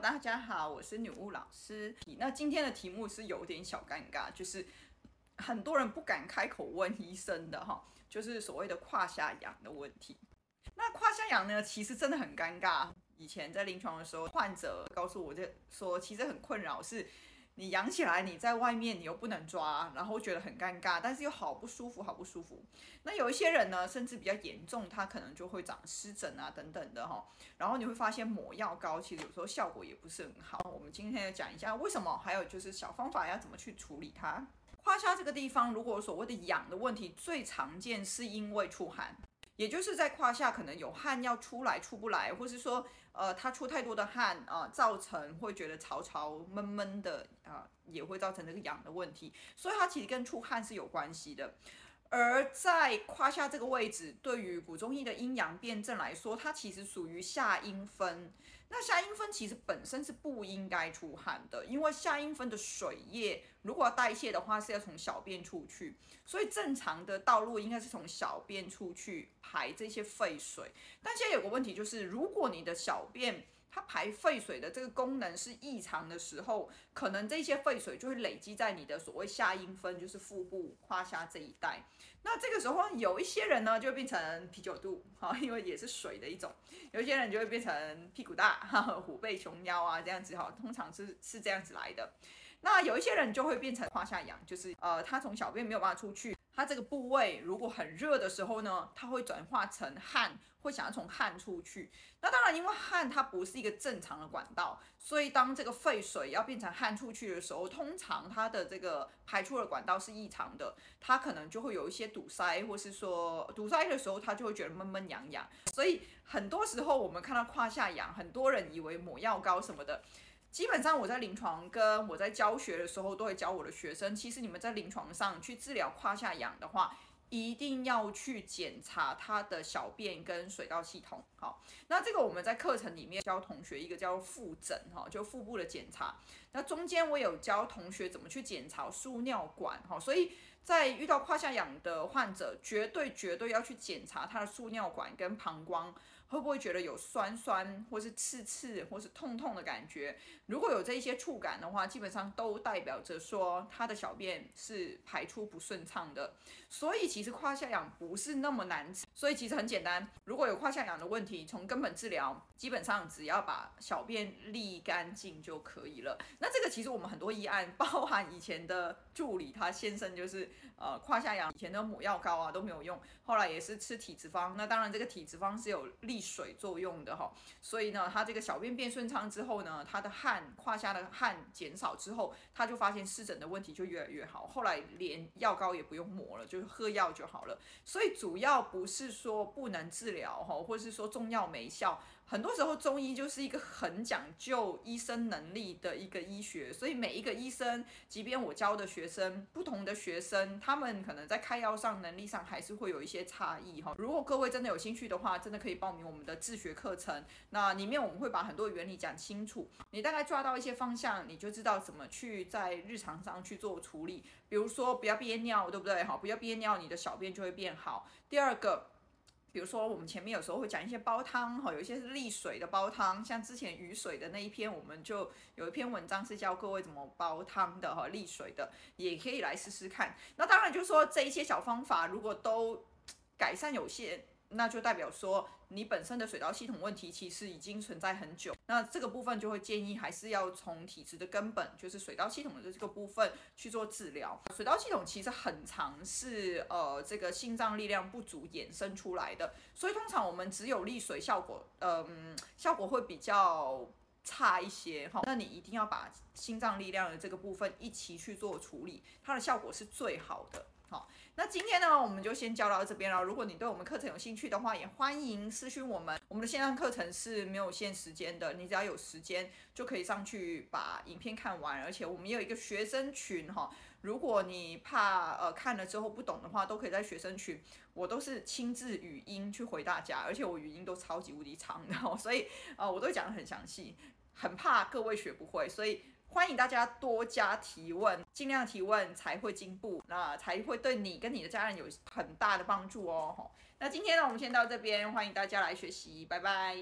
大家好，我是女巫老師。那今天的題目是有點小尷尬，就是很多人不敢開口問醫生的哈，就是所謂的胯下癢的問題。那胯下癢呢，其實真的很尷尬。以前在臨床的時候，患者告訴我，就說其實很困擾，是。你癢起來，你在外面你又不能抓，啊，然後覺得很尷尬，但是又好不舒服，好不舒服。那有一些人呢，甚至比較嚴重，他可能就會長濕疹啊等等的哈、哦。然後你會發現抹藥膏，其實有時候效果也不是很好。我們今天要講一下為什麼，還有就是小方法要怎麼去處理它。胯下這個地方，如果所謂的癢的問題，最常見是因為出汗。也就是在胯下可能有汗要出來出不來，或是說，呃，他出太多的汗啊、呃，造成會覺得潮潮悶悶的啊、呃，也會造成這個癢的問題，所以它其實跟出汗是有關係的。而在胯下這個位置，對於古中醫的陰陽辨證來說，它其實屬於下陰分。那下陰分其實本身是不應該出汗的，因為下陰分的水液如果要代謝的話，是要從小便出去。所以正常的道路應該是從小便出去排這些廢水。但現在有個問題就是，如果你的小便它排廢水的這個功能是異常的時候，可能這些廢水就會累積在你的所謂下陰分，就是腹部胯下這一帶。那這個時候有一些人呢，就會變成啤酒肚，哈，因為也是水的一種；有些人就會變成屁股大、虎背熊腰啊，這樣子哈，通常是是這樣子來的。那有一些人就會變成胯下癢，就是呃，他從小便沒有辦法出去，他這個部位如果很熱的時候呢，他會轉化成汗，會想要從汗出去。那當然，因為汗它不是一個正常的管道，所以當這個廢水要變成汗出去的時候，通常它的這個排出的管道是異常的，它可能就會有一些堵塞，或是說堵塞的時候，他就會覺得悶悶癢癢。所以很多時候我們看到胯下癢，很多人以為抹藥膏什麼的。基本上我在臨床跟我在教學的時候都會教我的學生，其實你們在臨床上去治療胯下癢的話，一定要去檢查他的小便跟水道系統。好，那這個我們在課程裡面教同學一個叫腹診哈，就腹部的檢查。那中間我有教同學怎麼去檢查輸尿管哈，所以在遇到胯下癢的患者，絕對絕對要去檢查他的輸尿管跟膀胱。會不會覺得有酸酸，或是刺刺，或是痛痛的感覺？如果有這一些觸感的話，基本上都代表着說他的小便是排出不順暢的。所以其實胯下癢不是那麼難治，所以其實很簡單。如果有胯下癢的問題，從根本治療，基本上只要把小便瀝乾淨就可以了。那這個其實我們很多醫案，包含以前的助理他先生就是呃胯下癢，以前的抹藥膏啊都沒有用，後來也是吃體脂方。那當然這個體脂方是有利，利水作用的哈、哦，所以呢，他這個小便變順暢之後呢，他的汗、胯下的汗減少之後，他就發現濕疹的問題就越來越好，後來連藥膏也不用抹了，就是喝藥就好了。所以主要不是說不能治療哈，或是說中藥沒效。很多時候，中醫就是一個很講究醫生能力的一個醫學，所以每一個醫生，即便我教的學生，不同的學生，他們可能在開藥上能力上還是會有一些差異哈。如果各位真的有興趣的話，真的可以報名我們的自學課程，那裡面我們會把很多原理講清楚，你大概抓到一些方向，你就知道怎麼去在日常上去做處理，比如說不要憋尿，對不對？哈，不要憋尿，你的小便就會變好。第二個。比如說，我們前面有時候會講一些煲湯哈，有一些是利水的煲湯，像之前雨水的那一篇，我們就有一篇文章是教各位怎麼煲湯的哈，利水的也可以來試試看。那當然就是說，這一些小方法如果都改善有限。那就代表說，你本身的水道系統問題其實已經存在很久。那這個部分就會建議，還是要從體質的根本，就是水道系統的這個部分去做治療。水道系統其實很常，是呃這個心臟力量不足衍生出來的。所以通常我們只有利水效果，嗯、呃，效果會比較差一些哈。那你一定要把心臟力量的這個部分一起去做處理，它的效果是最好的。好，那今天呢，我們就先教到這邊了。如果你對我們課程有興趣的話，也歡迎私訊我們。我們的線上課程是沒有限時間的，你只要有時間就可以上去把影片看完。而且我們也有一個學生群哈，如果你怕呃看了之後不懂的話，都可以在學生群，我都是親自語音去回大家，而且我語音都超級無敵長的，所以啊、呃，我都講得很詳細，很怕各位學不會，所以。歡迎大家多加提問，盡量提問才會進步，那才會對你跟你的家人有很大的幫助哦。那今天呢，我們先到這邊，歡迎大家來學習，拜拜。